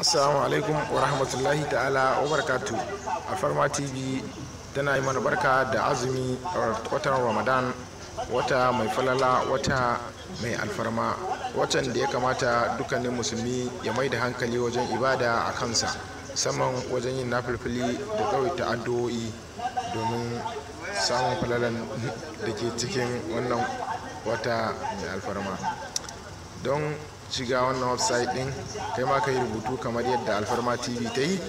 assalamu alaikum wa rahmatullahi ta'ala wa barakatu alfarma tv tana yi mana barka da azumi watan ramadan wata mai falala wata mai alfarma watan da ya kamata dukkanin musulmi ya mai da hankali wajen ibada a kansa saman wajen yin nafilfili da ta addu'o'i domin samun falalan da ke cikin wannan wata mai alfarma don shiga wannan website din kai ma ka yi rubutu kamar yadda alfarma tv ta yi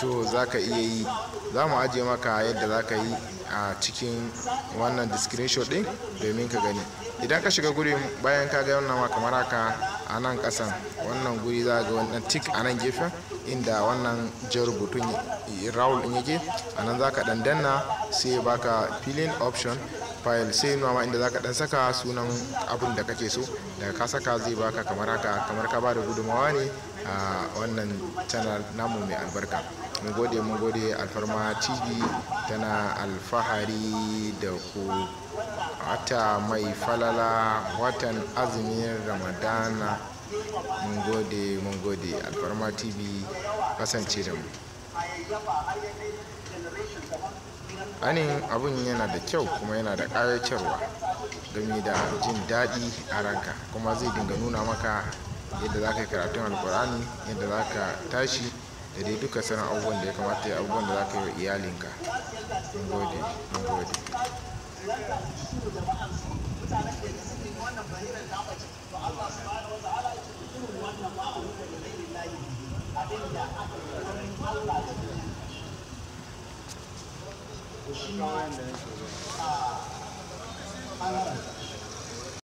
to za ka iya yi za mu ajiye maka yadda za ka yi a cikin wannan description din domin ka gani idan ka shiga guri bayan ka ga wannan kamar haka a nan kasan wannan guri za ga wannan tik a nan gefen inda wannan jan rubutun eh, rawul in yake a nan za ka dandanna sai baka filling option fayil sai nuna inda zaka dan saka sunan abin da kake so da ka saka zai baka kamar haka kamar ka bada gudunmawa ne a wannan channel namu mai albarka mun gode mun gode alfarma tv tana alfahari da ku hata mai falala watan azumin ramadana mun gode mun gode alfarma tv kasance da mu anin abun yana da kyau kuma yana da ƙayacarwa gami da jin daɗi a ranka kuma zai dinga nuna maka yadda za ka yi karatun alkur'ani yadda za ka tashi da dai duka sanar abubuwan da ya kamata ya abubuwan da za ka yi wa iyalinka mun gode gode Shine.